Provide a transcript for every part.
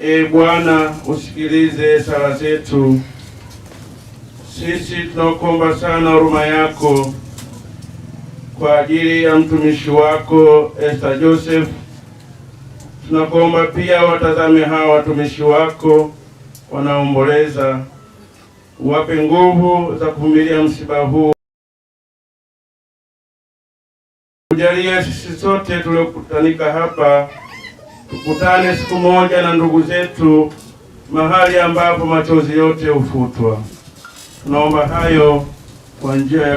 E Bwana, usikilize sala zetu sisi, tunakuomba sana huruma yako kwa ajili ya mtumishi wako Esther Joseph. Tunakuomba pia watazame hawa watumishi wako wanaomboleza, wape nguvu za kuvumilia msiba huu. kujalia sisi sote tuliokutanika hapa tukutane siku moja na ndugu zetu mahali ambapo machozi yote hufutwa. Tunaomba hayo kwa njia ya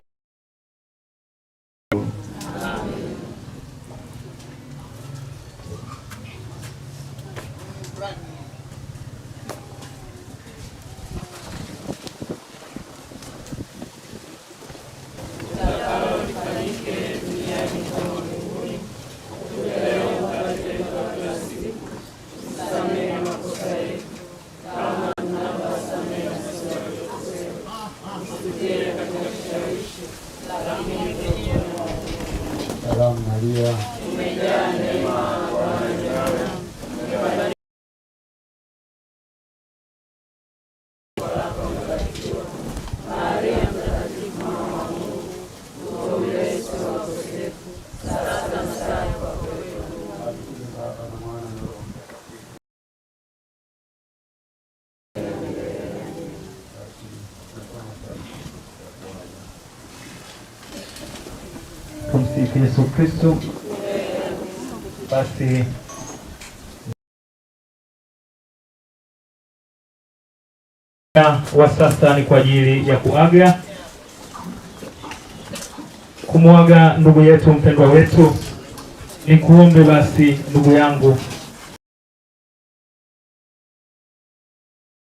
Maria wetu Yesu Kristo. Basi wa sasa ni kwa ajili ya kuaga kumwaga ndugu yetu mpendwa wetu. Ni kuombe basi, ndugu yangu,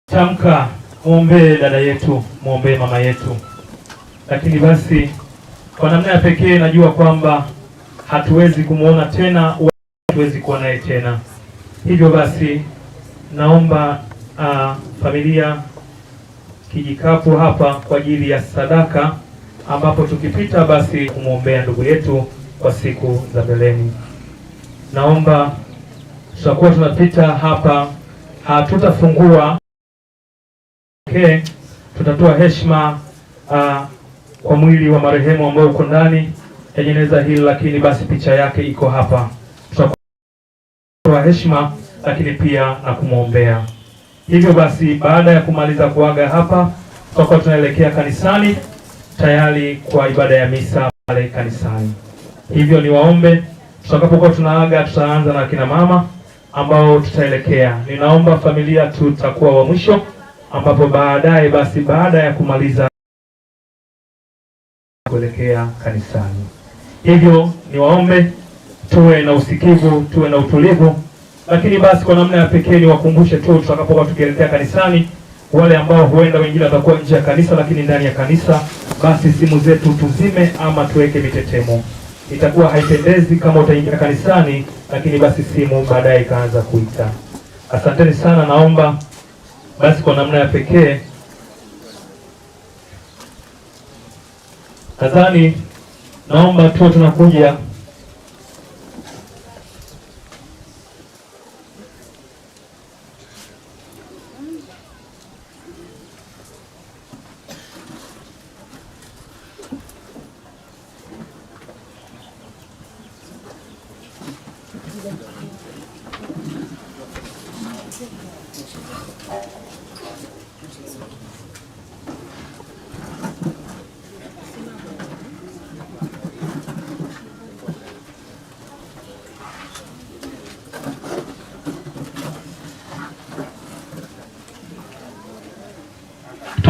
tamka, mwombee dada yetu, mwombee mama yetu, lakini basi kwa namna ya pekee najua kwamba hatuwezi kumwona tena, hatuwezi kuwa naye tena. Hivyo basi naomba uh, familia kijikapu hapa kwa ajili ya sadaka, ambapo tukipita basi kumwombea ndugu yetu kwa siku za mbeleni. Naomba tutakuwa tunapita hapa, hatutafungua ah, okay, tutatoa heshima uh, kwa mwili wa marehemu ambao uko ndani ya jeneza hili, lakini basi picha yake iko hapa. Tutakuwa heshima lakini pia na kumwombea. Hivyo basi, baada ya kumaliza kuaga hapa, tutakuwa tunaelekea kanisani tayari kwa ibada ya misa pale kanisani. Hivyo niwaombe, tutakapokuwa tunaaga tutaanza na kina mama ambao tutaelekea. Ninaomba familia tutakuwa wa mwisho, ambapo baadaye basi, baada ya kumaliza kuelekea kanisani. Hivyo niwaombe tuwe na usikivu, tuwe na utulivu, lakini basi kwa namna ya pekee niwakumbushe tu tutakapokuwa tukielekea kanisani, wale ambao huenda wengine watakuwa nje ya kanisa lakini ndani ya kanisa, basi simu zetu tuzime ama tuweke mitetemo. Itakuwa haipendezi kama utaingia kanisani lakini basi simu baadaye ikaanza kuita. Asanteni sana, naomba basi kwa namna ya pekee Kazani, naomba tuwe tunakuja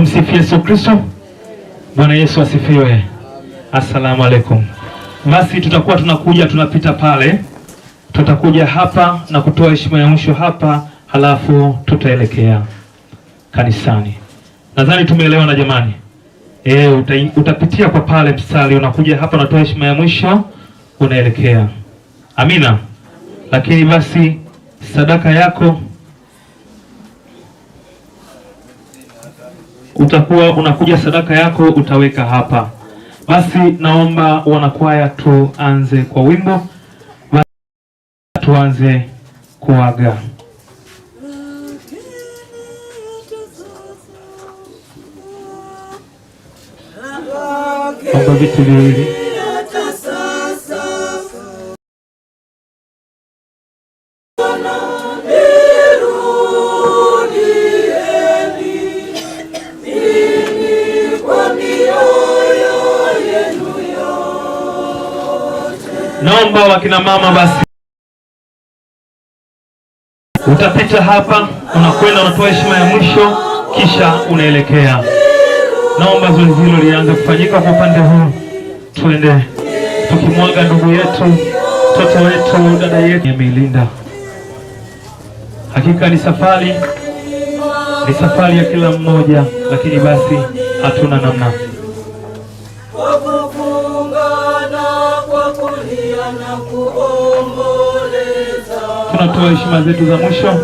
Tumsifu Yesu Kristo. Bwana Yesu asifiwe. Assalamu alaikum. Basi tutakuwa tunakuja tunapita pale, tutakuja hapa na kutoa heshima ya mwisho hapa, halafu tutaelekea kanisani. Nadhani tumeelewa na jamani. E, eh, uta, utapitia kwa pale mstari, unakuja hapa, unatoa heshima ya mwisho, unaelekea. Amina. Lakini basi sadaka yako utakuwa unakuja sadaka yako utaweka hapa. Basi naomba wanakwaya tuanze kwa wimbo, tuanze kuaga. Omba vitu viwili Naomba wakina mama basi, utapita hapa, unakwenda unatoa heshima ya mwisho, kisha unaelekea. Naomba zoezi hilo lianze kufanyika kwa upande huu, tuende tukimwaga ndugu yetu, mtoto wetu, dada yetu Meilinda. Hakika ni safari, ni safari ya kila mmoja, lakini basi hatuna namna. tunatoa heshima zetu za mwisho.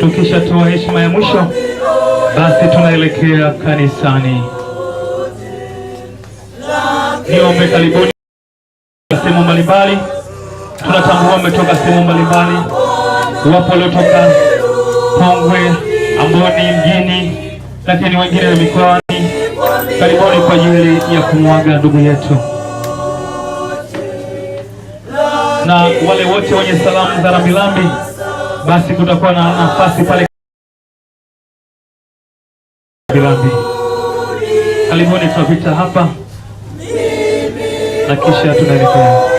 Tukishatoa heshima ya mwisho, basi tunaelekea kanisani. Niombe karibuni sehemu mbalimbali, tunatambua umetoka sehemu mbalimbali, wapo waliotoka Kongwe, Amboni mjini, lakini wengine na mikoani. Karibuni kwa ajili ya kumwaga ndugu yetu. na wale wote wenye salamu za rambirambi, basi kutakuwa na nafasi pale rambirambi. Karibuni, tunapita hapa na kisha tunaelekea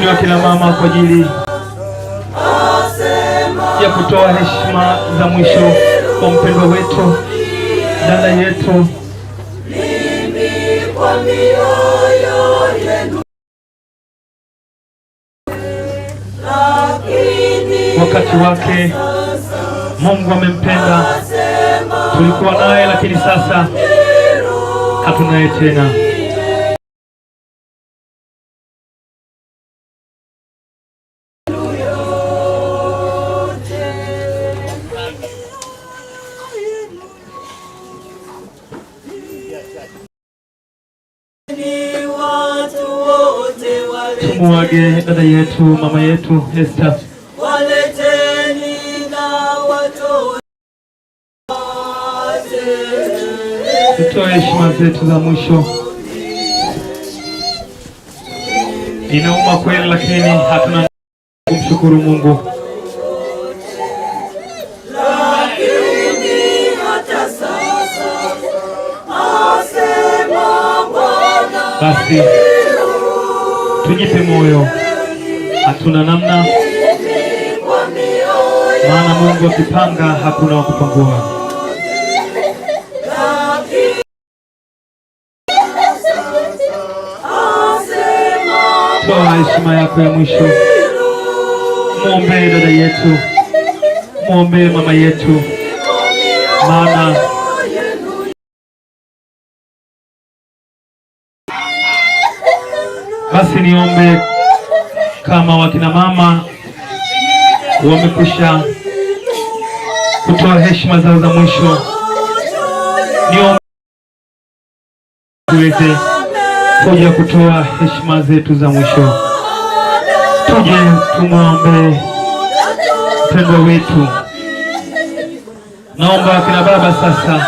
utamaduni wa kila mama kwa ajili ya kutoa heshima za mwisho kwa mpendwa wetu dada yetu wakati wake Mungu amempenda. Tulikuwa naye lakini sasa hatunaye tena. Tumwage dada yetu mama yetu Esther, tutoe heshima zetu za mwisho. Inauma kweli, lakini hatuna kumshukuru Mungu. Basi tujipe moyo, hatuna namna, maana Mungu akipanga hakuna wa kupangua. Toa heshima yako ya mwisho, mwombee dada yetu, mwombee mama yetu, maana Basi niombe kama wakina mama wamekwisha kutoa heshima zao za mwisho, niombe tuweze kuja kutoa heshima zetu za mwisho, tuje tumwombe mpendwa wetu. Naomba wakina baba sasa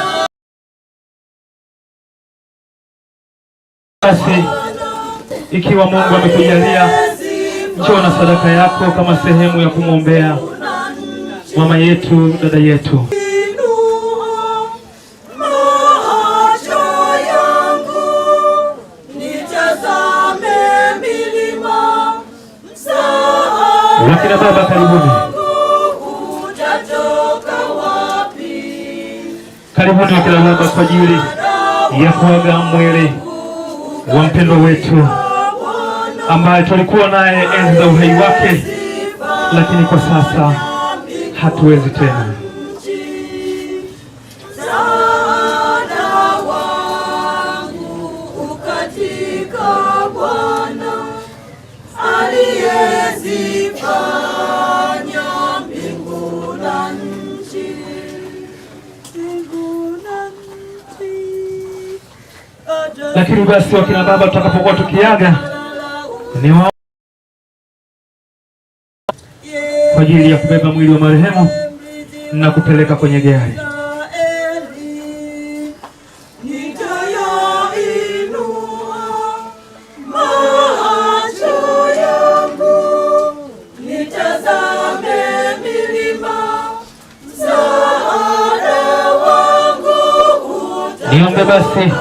basi ikiwa Mungu amekujalia njoo na sadaka yako kama sehemu ya kumwombea mama yetu, dada yetu. Lakini baba, karibuni, karibuni wakina baba kwa ajili ya kuaga mwili wa mpendwa wetu ambaye tulikuwa naye enzi za uhai wake, lakini kwa sasa hatuwezi tena. Lakini basi wakina baba, tutakapokuwa tukiaga niwa kwa ajili ya kubeba mwili wa marehemu na kupeleka kwenye gari. Niombe basi